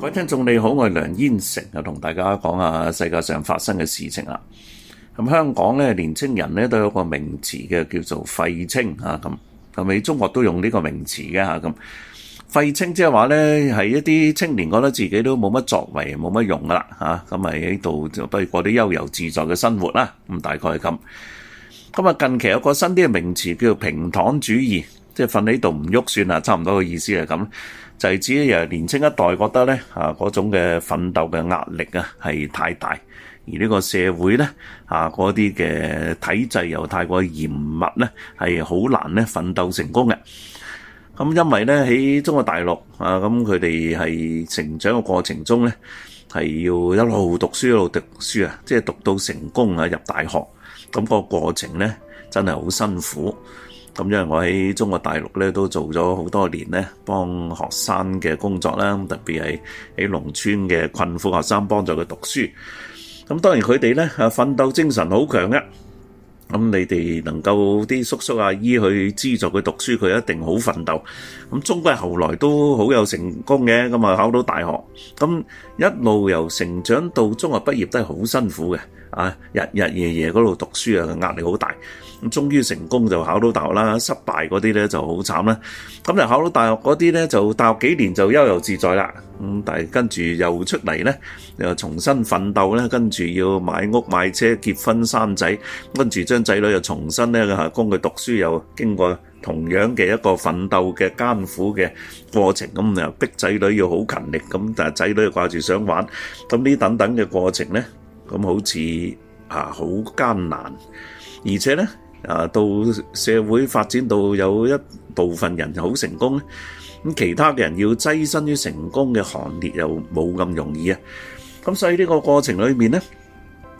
各位聽眾你好，我係梁燕成又，同大家講下世界上發生嘅事情啦。咁、嗯、香港咧，年青人咧都有一個名詞嘅叫做廢青啊。咁、嗯、咁，你中國都用呢個名詞嘅嚇咁。廢青即係話咧，係一啲青年覺得自己都冇乜作為，冇乜用噶啦嚇。咁咪喺度就不如過啲悠游自在嘅生活啦。咁、啊嗯、大概係咁。咁、嗯、啊，近期有個新啲嘅名詞叫做平躺主義，即係瞓喺度唔喐算啦，差唔多嘅意思係咁。啊就係指年青一代覺得呢啊嗰種嘅奮鬥嘅壓力啊，係太大，而呢個社會呢啊嗰啲嘅體制又太過嚴密呢，係好難呢奮鬥成功嘅。咁因為呢喺中國大陸啊，咁佢哋係成長嘅過程中呢係要一路讀書，一路讀書啊，即係讀到成功啊入大學，咁個過程呢，真係好辛苦。咁因為我喺中國大陸咧都做咗好多年咧，幫學生嘅工作啦，特別係喺農村嘅困苦學生幫助佢讀書。咁當然佢哋咧啊奮鬥精神好強嘅。咁你哋能夠啲叔叔阿姨去資助佢讀書，佢一定好奮鬥。咁中間後來都好有成功嘅，咁啊考到大學，咁一路由成長到中學畢業都係好辛苦嘅。啊！日日夜夜嗰度讀書啊，壓力好大。咁終於成功就考到大學啦。失敗嗰啲咧就好慘啦。咁就考到大學嗰啲咧，就大學幾年就悠遊自在啦。咁、嗯、但係跟住又出嚟咧，又重新奮鬥咧，跟住要買屋買車結婚生仔，跟住將仔女又重新咧嚇供佢讀書，又經過同樣嘅一個奮鬥嘅艱苦嘅過程，咁又逼仔女要好勤力。咁但係仔女又掛住想玩，咁呢等等嘅過程咧。咁好似啊好艱難，而且呢，啊到社會發展到有一部分人好成功，咁其他嘅人要躋身於成功嘅行列又冇咁容易啊！咁所以呢個過程裏面呢。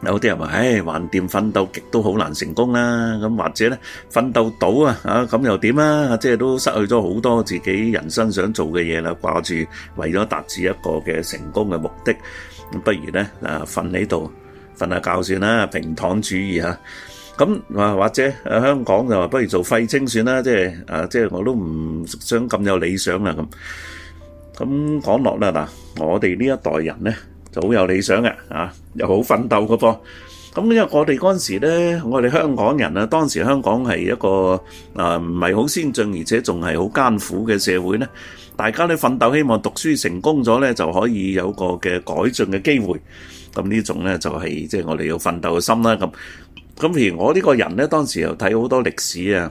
有啲人話：唉，橫掂奮鬥極都好難成功啦。咁或者呢，奮鬥到啊，啊咁又點啊？即係都失去咗好多自己人生想做嘅嘢啦。掛住為咗達至一個嘅成功嘅目的，咁不如呢啊，瞓喺度瞓下覺算啦，平躺主義吓。咁啊，或者香港就話不如做廢青算啦，即係啊，即係我都唔想咁有理想啦咁。咁講落啦嗱，我哋呢一代人咧。就好有理想嘅，啊又好奮鬥㗎噃。咁因為我哋嗰陣時咧，我哋香港人啊，當時香港係一個啊唔係好先進，而且仲係好艱苦嘅社會咧。大家咧奮鬥，希望讀書成功咗咧就可以有個嘅改進嘅機會。咁呢種咧就係即係我哋要奮鬥嘅心啦。咁咁譬如我呢個人咧，當時又睇好多歷史啊、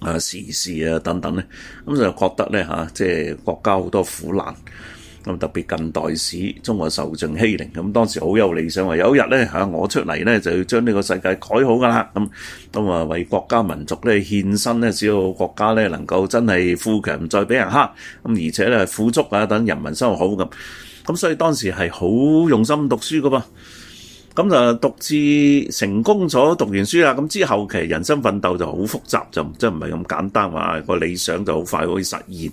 啊時事啊等等咧，咁就覺得咧嚇，即係國家好多苦難。咁特別近代史，中國受盡欺凌。咁當時好有理想，話有一日咧嚇，我出嚟咧就要將呢個世界改好噶啦。咁都話為國家民族咧獻身咧，只要國家咧能夠真係富強，唔再俾人蝦。咁而且咧富足啊，等人民生活好咁。咁所以當時係好用心讀書噶噃。咁就讀至成功咗，讀完書啦。咁之後其實人生奮鬥就好複雜，就真係唔係咁簡單話個理想就好快可以實現。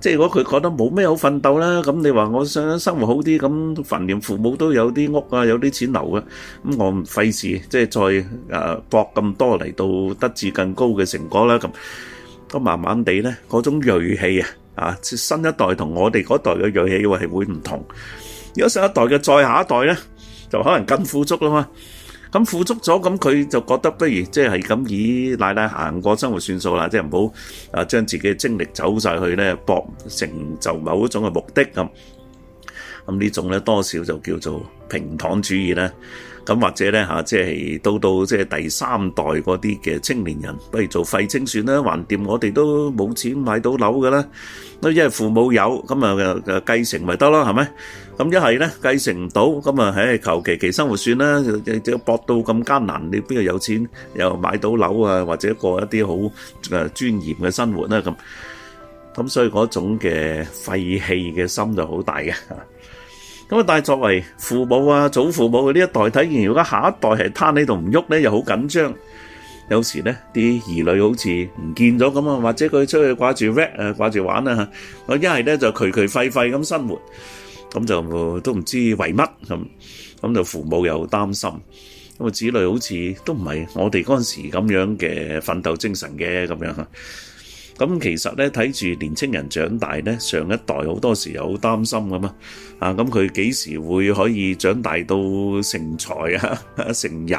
即係如果佢覺得冇咩好奮鬥啦，咁你話我想生活好啲，咁反正父母都有啲屋啊，有啲錢留啊，咁我唔費事，即係再誒搏咁多嚟到得至更高嘅成果啦，咁都慢慢地咧，嗰種鋭氣啊，啊，新一代同我哋嗰代嘅鋭氣係會唔同。如果上一代嘅再下一代咧，就可能更富足啦嘛。咁富足咗，咁佢就覺得不如即係咁，以奶奶行過生活算數啦，即係唔好啊將自己嘅精力走晒去咧搏成就某一種嘅目的咁，咁呢種咧多少就叫做平躺主義咧。咁或者咧嚇，即係到到即係第三代嗰啲嘅青年人，不如做廢青算啦，橫掂我哋都冇錢買到樓㗎啦。因為父母有，咁啊繼承咪得咯，係咪？咁一係咧繼承唔到，咁啊，唉，求其其生活算啦，搏到咁艱難，你邊度有錢又買到樓啊？或者過一啲好誒尊嚴嘅生活啦。咁咁所以嗰種嘅廢棄嘅心就好大嘅。咁啊！但係作為父母啊、祖父母嘅呢一代睇見，如果下一代係攤喺度唔喐咧，又好緊張。有時咧啲兒女好似唔見咗咁啊，或者佢出去掛住 rap 啊、掛住玩啊，我一係咧就頹頹廢廢咁生活，咁就都唔知為乜咁，咁就父母又擔心，咁啊子女好似都唔係我哋嗰陣時咁樣嘅奮鬥精神嘅咁樣。咁其實咧睇住年輕人長大咧，上一代好多時又好擔心㗎嘛。啊，咁佢幾時會可以長大到成才啊？成人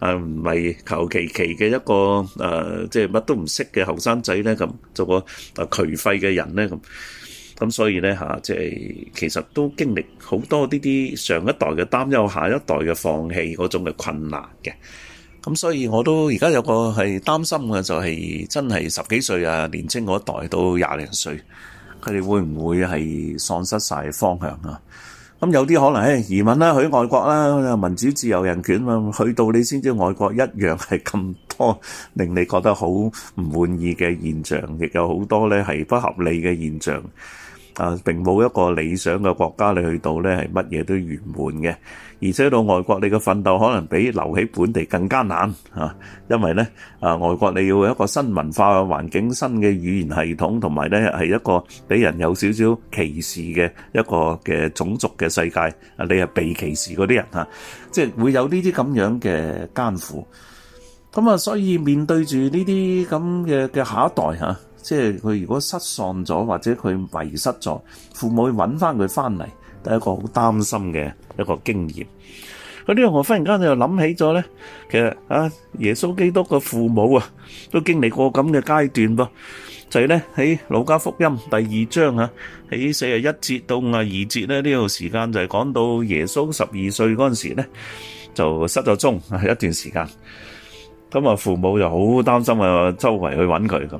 啊，唔係求其其嘅一個誒、啊，即係乜都唔識嘅後生仔咧，咁做個誒頹廢嘅人咧咁。咁、啊、所以咧嚇、啊，即係其實都經歷好多呢啲上一代嘅擔憂，下一代嘅放棄嗰種嘅困難嘅。咁所以我都而家有個係擔心嘅，就係真係十幾歲啊，年青嗰代到廿零歲，佢哋會唔會係喪失晒方向啊？咁有啲可能誒移民啦，去外國啦、啊，民主自由人權啊，去到你先知外國一樣，係咁多令你覺得好唔滿意嘅現象，亦有好多咧係不合理嘅現象。啊，並冇一個理想嘅國家，你去到呢係乜嘢都圓滿嘅，而且到外國你嘅奮鬥可能比留喺本地更艱難嚇，因為呢啊外國你要一個新文化嘅環境、新嘅語言系統，同埋呢係一個俾人有少少歧視嘅一個嘅種族嘅世界啊，你係被歧視嗰啲人嚇，即係會有呢啲咁樣嘅艱苦。咁啊，所以面對住呢啲咁嘅嘅下一代嚇。即係佢如果失喪咗，或者佢遺失咗，父母揾翻佢翻嚟，都係一個好擔心嘅一個經驗。咁呢個我忽然間又諗起咗咧，其實啊，耶穌基督嘅父母啊，都經歷過咁嘅階段噃，就係咧喺《路加福音》第二章啊，喺四啊一節到五啊二節咧呢個時間就係講到耶穌十二歲嗰陣時咧，就失咗蹤一段時間，咁啊父母又好擔心啊，周圍去揾佢咁。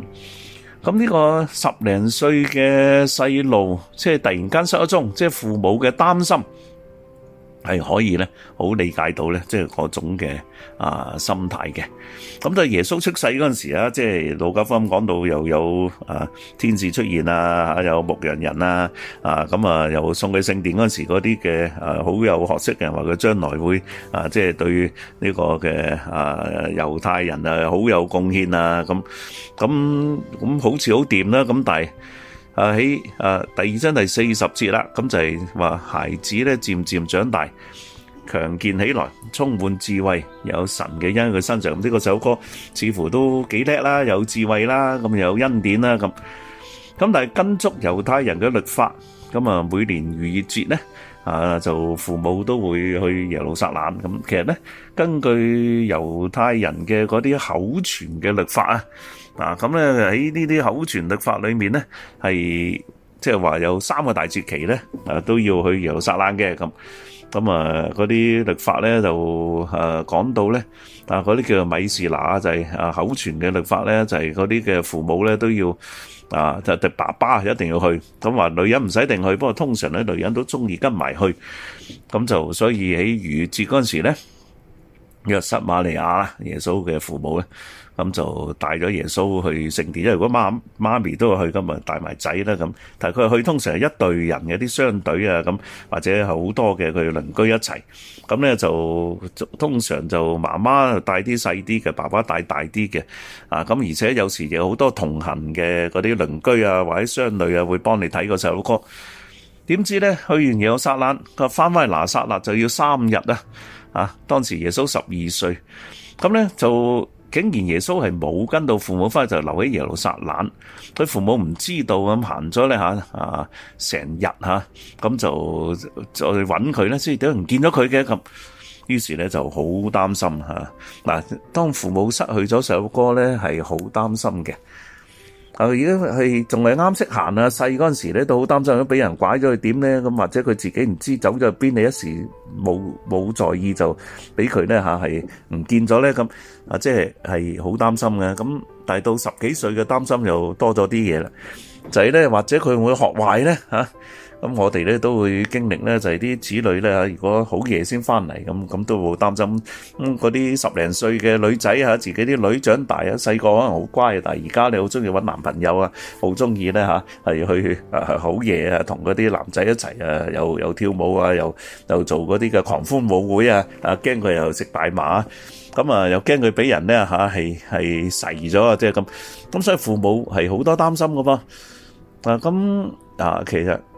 咁呢個十零歲嘅細路，即係突然間失咗蹤，即係父母嘅擔心。係可以咧，好理解到咧，即係嗰種嘅啊心態嘅。咁但係耶穌出世嗰陣時啊，即係路加福音講到又有啊天使出現啊，又有牧羊人啊，啊咁啊又送佢聖殿嗰陣時，嗰啲嘅啊好有學識嘅人話佢，將來會啊即係對呢個嘅啊猶太人啊好有貢獻，啊咁，咁咁好似好掂啦，咁、啊、但係。啊喺啊第二章第四十節啦，咁就係話孩子咧漸漸長大，強健起來，充滿智慧，有神嘅恩喺佢身上。咁呢個首歌似乎都幾叻啦，有智慧啦，咁又有恩典啦，咁。咁但係跟足猶太人嘅律法，咁啊每年逾越節咧啊，就父母都會去耶路撒冷。咁其實咧，根據猶太人嘅嗰啲口傳嘅律法啊。啊，咁咧喺呢啲口傳律法裏面咧，係即係話有三個大節期咧，啊都要去耶路撒冷嘅。咁，咁啊嗰啲律法咧就誒講到咧，啊嗰啲叫米士拿就係啊口傳嘅律法咧，就係嗰啲嘅父母咧都要啊，就係爸爸一定要去，咁話女人唔使定去，不過通常咧女人都中意跟埋去，咁就所以喺逾節嗰陣時咧，約瑟瑪利亞啊，耶穌嘅父母咧。咁就帶咗耶穌去聖殿，因為如果媽媽咪都會去咁啊，帶埋仔啦咁。但係佢去通常係一隊人嘅，啲商隊啊咁，或者好多嘅佢鄰居一齊。咁呢就通常就媽媽帶啲細啲嘅，爸爸帶大啲嘅。啊，咁而且有時有好多同行嘅嗰啲鄰居啊，或者商隊啊，會幫你睇個細路哥。點知呢？去完耶路撒冷，佢翻返去拿撒勒就要三日啦。啊，當時耶穌十二歲，咁呢就。竟然耶穌係冇跟到父母翻去，就留喺耶路撒冷。佢父母唔知道，咁行咗咧嚇啊成日嚇，咁、啊、就就揾佢咧，先等人見到佢嘅咁。於是咧就好擔心嚇。嗱、啊，當父母失去咗細路哥咧，係好擔心嘅。啊，而家係仲係啱識行啊！細嗰陣時咧，都好擔心，如果俾人拐咗去點咧？咁或者佢自己唔知走咗去邊，你一時冇冇在意就俾佢咧嚇係唔見咗咧？咁啊，即係係好擔心嘅。咁大到十幾歲嘅擔心又多咗啲嘢啦。仔咧，或者佢會學壞咧嚇。咁我哋咧都會經歷咧，就係啲子女咧嚇，如果好夜先翻嚟咁，咁都會擔心。咁嗰啲十零歲嘅女仔嚇，自己啲女長大啊，細個可能好乖，但係而家你好中意揾男朋友啊，好中意咧嚇，係去啊好夜啊，同嗰啲男仔一齊啊，又又跳舞啊，又又做嗰啲嘅狂歡舞會啊，啊驚佢又食大麻，咁啊又驚佢俾人咧嚇係係詐疑咗啊，即係咁。咁所以父母係好多擔心噶噃。啊咁啊，其實。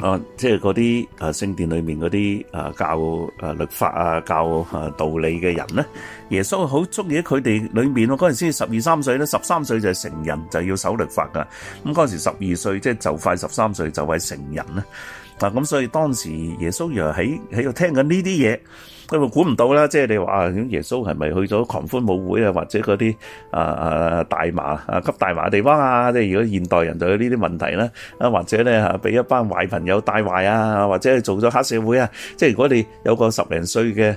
啊，即係嗰啲啊聖殿裏面嗰啲啊教啊律法啊教道理嘅人咧，耶穌好中意喺佢哋裏面嗰陣先十二三歲咧，十三歲就係成人，就要守律法噶。咁嗰陣時十二歲，即係就係、快十三歲，就係成人啦。嗱，咁、啊、所以當時耶穌如果喺喺度聽緊呢啲嘢，佢咪估唔到啦？即係你話，咁耶穌係咪去咗狂歡舞會啊？或者嗰啲啊啊大麻啊吸大麻嘅地方啊？即係如果現代人就有呢啲問題咧啊，或者咧嚇俾一班壞朋友帶壞啊，或者係做咗黑社會啊？即係如果你有個十零歲嘅。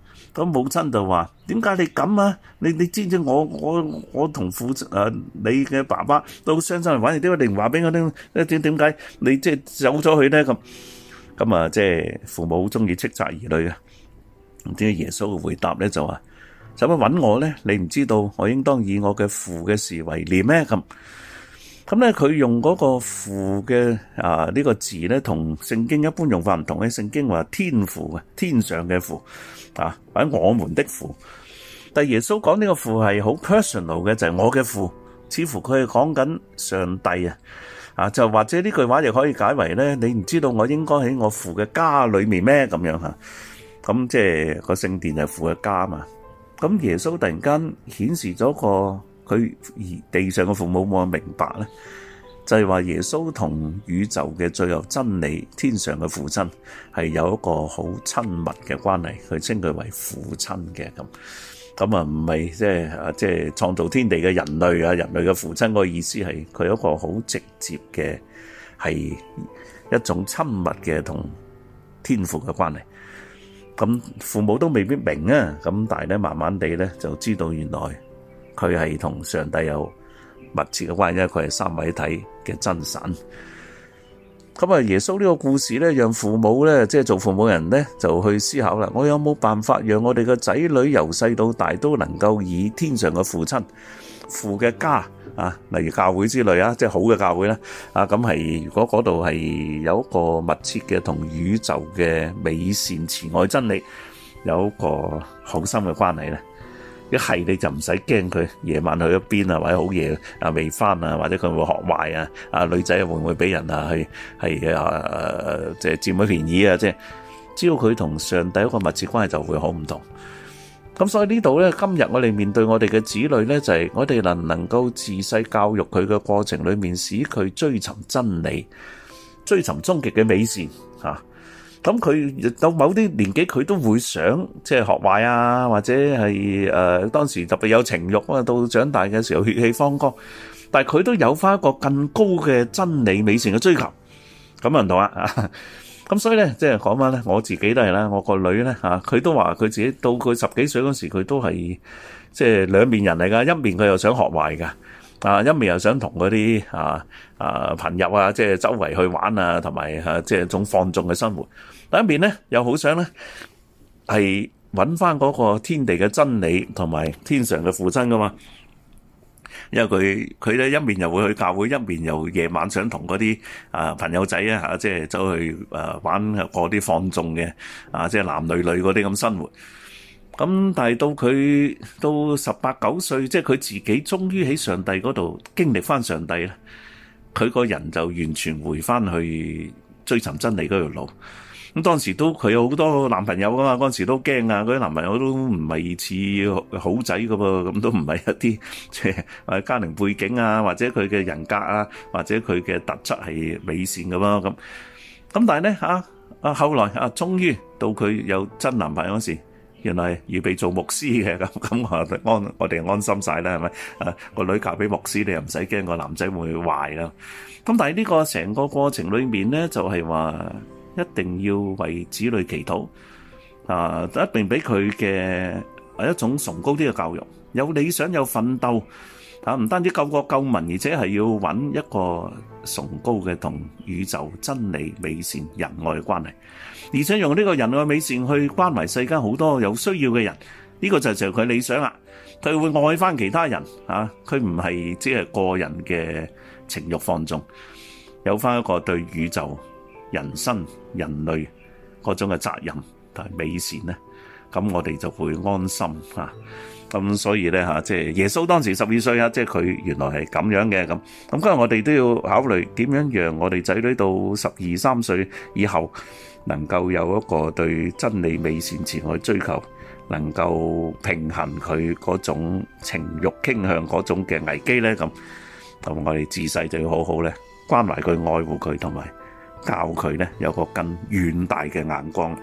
個母親就話：點解你咁啊？你你知唔知我我我同父誒你嘅爸爸都好傷心嚟揾你，都一定話俾我聽誒點點解你即係走咗去咧？咁咁啊，即係父母好中意斥責兒女啊！點解耶穌嘅回答咧就話：使乜揾我咧？你唔知道我應當以我嘅父嘅事為念咩？咁。咁咧，佢、嗯、用嗰、那個父嘅啊呢、這個字咧，同聖經一般用法唔同嘅。聖經話天父嘅，天上嘅父啊，或者我們的父。但耶穌講呢個父係好 personal 嘅，就係、是、我嘅父。似乎佢係講緊上帝啊，啊就或者呢句話又可以解為咧，你唔知道我應該喺我父嘅家裏面咩咁樣吓？咁、啊嗯、即係個聖殿係父嘅家啊嘛。咁、嗯、耶穌突然間顯示咗個。佢而地上嘅父母冇咁明白咧，就係話耶穌同宇宙嘅最後真理，天上嘅父親係有一個好親密嘅關係，佢稱佢為父親嘅咁，咁啊唔係即係啊即係創造天地嘅人類啊人類嘅父親個意思係佢一個好直接嘅係一種親密嘅同天父嘅關係，咁父母都未必明啊，咁但係咧慢慢地咧就知道原來。佢係同上帝有密切嘅關係，因為佢係三位一體嘅真神。咁、嗯、啊，耶穌呢個故事呢，讓父母呢，即係做父母人呢，就去思考啦。我有冇辦法讓我哋嘅仔女由細到大都能夠以天上嘅父親、父嘅家啊，例如教會之類啊，即係好嘅教會呢？啊咁係如果嗰度係有一個密切嘅同宇宙嘅美善慈愛真理有一個好深嘅關係呢。一係你就唔使驚佢夜晚去一邊啊，或者好夜啊未返啊，或者佢會學壞啊，女會會啊，女仔又會唔會俾人啊去係啊誒即係佔咗便宜啊，即係只要佢同上帝一個密切關係就會好唔同。咁所以呢度咧，今日我哋面對我哋嘅子女咧，就係、是、我哋能唔能夠自細教育佢嘅過程裏面，使佢追尋真理，追尋終極嘅美善啊。咁佢到某啲年紀，佢都會想即係學壞啊，或者係誒、呃、當時特別有情慾啊，到長大嘅時候血氣方剛，但係佢都有翻一個更高嘅真理美善嘅追求，咁啊唔同啊，咁 所以咧即係講翻咧，我自己都係啦，我個女咧嚇，佢都話佢自己到佢十幾歲嗰時，佢都係即係兩面人嚟噶，一面佢又想學壞噶。啊，一面又想同嗰啲啊啊朋友啊，即係周圍去玩啊，同埋吓即係一種放縱嘅生活。另一面咧，又好想咧係揾翻嗰個天地嘅真理，同埋天上嘅父親噶嘛。因為佢佢咧一面又會去教會，一面又夜晚想同嗰啲啊朋友仔啊吓，即係走去誒玩過啲放縱嘅啊，即係男女女嗰啲咁生活。咁但係到佢到十八九歲，即係佢自己終於喺上帝嗰度經歷翻上帝咧，佢個人就完全回翻去追尋真理嗰條路。咁當時都佢有好多男朋友噶嘛，嗰陣時都驚啊！嗰啲男朋友都唔係似好仔噶噃，咁都唔係一啲即係家庭背景啊，或者佢嘅人格啊，或者佢嘅特質係美善咁咯。咁咁但係咧吓啊後來啊，終於到佢有真男朋友嗰時。原嚟預備做牧師嘅，咁咁啊安我哋安心曬啦，係咪？啊個女嫁俾牧師，你又唔使驚個男仔會壞啦。咁但係呢個成個過程裏面咧，就係話一定要為子女祈禱啊，一定俾佢嘅係一種崇高啲嘅教育，有理想有奮鬥。啊！唔單止救國救民，而且係要揾一個崇高嘅同宇宙真理美善仁愛關係，而且用呢個仁愛美善去關懷世間好多有需要嘅人，呢個就就係佢理想啦。佢會愛翻其他人啊！佢唔係即係個人嘅情慾放縱，有翻一個對宇宙、人生、人類各種嘅責任同埋美善咧，咁我哋就會安心嚇。咁所以咧嚇，即係耶穌當時十二歲啊，即係佢原來係咁樣嘅咁。咁今日我哋都要考慮點樣讓我哋仔女到十二三歲以後，能夠有一個對真理美善前去追求，能夠平衡佢嗰種情慾傾向嗰種嘅危機咧咁。咁我哋自細就要好好咧，關懷佢、愛護佢，同埋教佢咧有個更遠大嘅眼光。